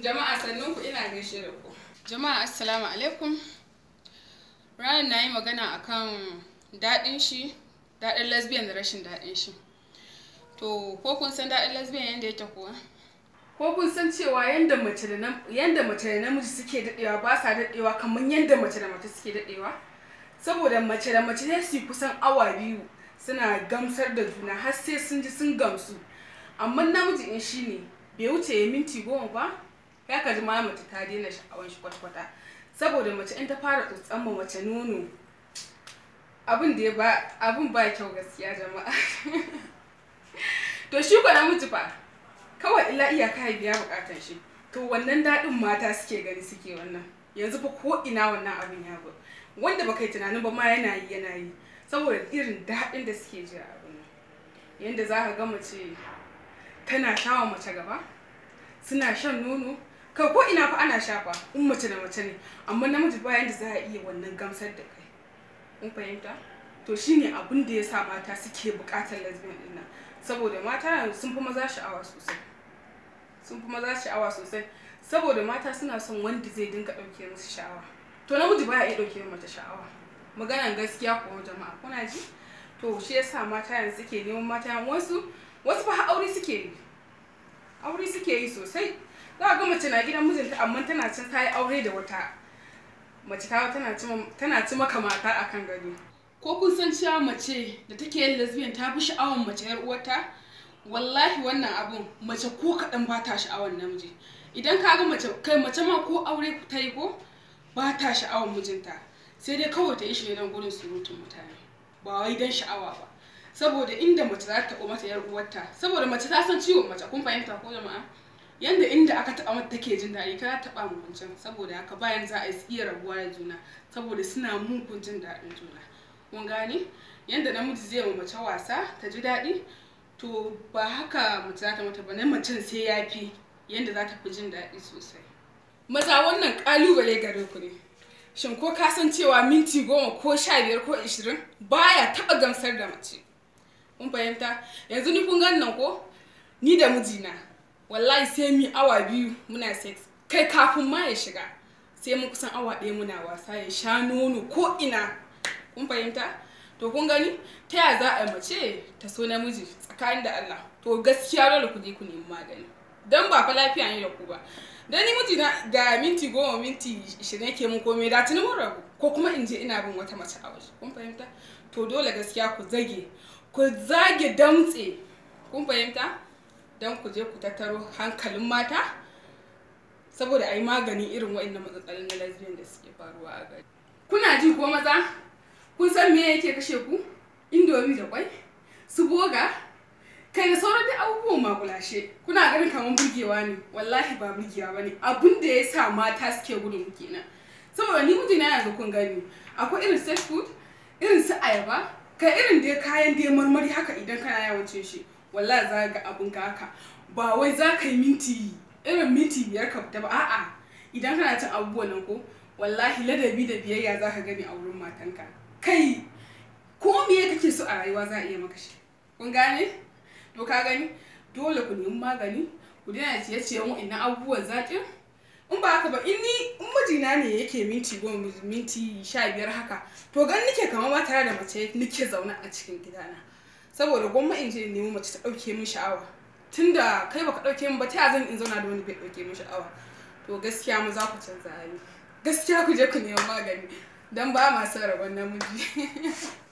Jama'a ku ina gaishe da ku. Jama'a assalamu alaikum. Ranar na yi magana akan daɗin shi, daɗin lesbian da rashin daɗin shi. To, ko kun san daɗin lesbian yadda yake kuwa? Ko kun san cewa yadda mace da namiji suke daɗewa ba sa daɗewa kamar yadda mace da mace suke daɗewa? Saboda mace da mace ne su kusan awa biyu suna gamsar da juna har sai sun ji sun gamsu. Amma namiji in shi ne bai wuce ya minti goma ba ya ka ji mace ta daina sha'awar shi kwata-kwata saboda mace in ta fara tsotsan ma mace nono abin da ba abin ba kyau gaskiya jama'a to shi ko namiji fa kawai illa iyaka ya biya bukatan shi to wannan daɗin mata suke gani suke wannan yanzu fa ko ina wannan abin ya bu wanda baka yi tunanin ba ma yana yi yana yi saboda irin daɗin da suke ji abin yanda za ka ga mace tana shawa mace gaba suna shan nono ka ko ina fa ana shafa in mace da mace ne amma namiji ba yanda za a iya wannan gamsar da kai kun fahimta to shine abin da ya sa mata suke bukatar lesbian din nan saboda mata sun fi maza sha'awa sosai sun fi maza sha'awa sosai saboda mata suna son wanda zai dinga dauke musu sha'awa to namiji baya iya dauke mata sha'awa magana gaskiya ko jama'a kuna ji to shi yasa mata yanzu suke neman mata wasu wasu fa aure suke yi aure suke yi sosai za ga mace na gidan mijinta amma tana cin ta yi aure da wata mace ta tana ci maka mata akan kan gado ko kun san cewa mace da take yin lesbian ta fi sha'awar mace yar uwarta wallahi wannan abun mace ko kaɗan ba ta sha'awar namiji idan ka ga mace kai mace ma ko aure ta yi ko ba ta sha'awan mijinta sai dai kawai ta yi shi don gudun surutun mutane ba wai don sha'awa ba saboda inda mace za ta taɓa mata yar uwarta saboda mace ta san ciwon mace kun fahimta ko jama'a yanda inda aka taba mata take jin daɗi ta taba mu wancan saboda haka bayan za a yi iya rabuwa da juna saboda suna mun jin daɗin juna kun gane yanda namiji zai wa mace wasa ta ji daɗi to ba haka mace zata ta mata ba na macen sai yafi yanda za ta fi jin daɗi sosai maza wannan ƙalubale gare ku ne shin ko ka san cewa minti goma ko sha biyar ko ishirin baya taba gamsar da mace kun fahimta yanzu ni kun gan ko ni da mijina wallahi sai mi awa biyu muna sex kai kafin ma ya shiga sai mun kusan awa ɗaya muna wasa ya sha nono ko ina kun fahimta to kun gani ta ya za a mace ta so namiji tsakanin da Allah to gaskiya dole ku je ku nemi magani dan ba fa lafiya ne da ku ba dan ni miji na da minti goma minti ishirin yake mun komai da tuni mun rabu ko kuma in je ina bin wata mace a waje kun fahimta to dole gaskiya ku zage ku zage damtse kun fahimta don ku je ku tattaro hankalin mata saboda a yi magani irin waɗannan matsatsalin na lesbian da suke faruwa a gari kuna ji ko maza kun san me yake kashe ku indomi da kwai su boga kai da sauran da abubuwan magulashe kuna ganin kamar burgewa ne wallahi ba burgewa ba ne abin da ya sa mata suke gudun kenan saboda ni mijina yana kun gani akwai irin safe food irin su ayaba ka irin da kayan de marmari haka idan kana yawancin shi wallahi za ga abun ka haka ba wai za ka yi minti irin minti biyar ka fita ba a'a idan kana cin abubuwan nan ko wallahi ladabi da biyayya za ka gani a wurin matanka kai ko miye kake so a rayuwa za a iya maka shi kun gane to ka gani dole ku nemi magani ku daina ciye-ciyen wa'annan abubuwan zaƙin in ba haka ba in ni in mijina ne yake minti goma minti sha biyar haka to gan nike kamar ba tare da mace nike zaune a cikin gidana saboda gwamma in je in nemi mace ta ɗauke min sha'awa tunda kai baka ɗauke min ba ta zan in zauna da wani bai ɗauke min sha'awa to gaskiya mu za ku canza hali gaskiya ku je ku neman magani don ba ma son rabon namiji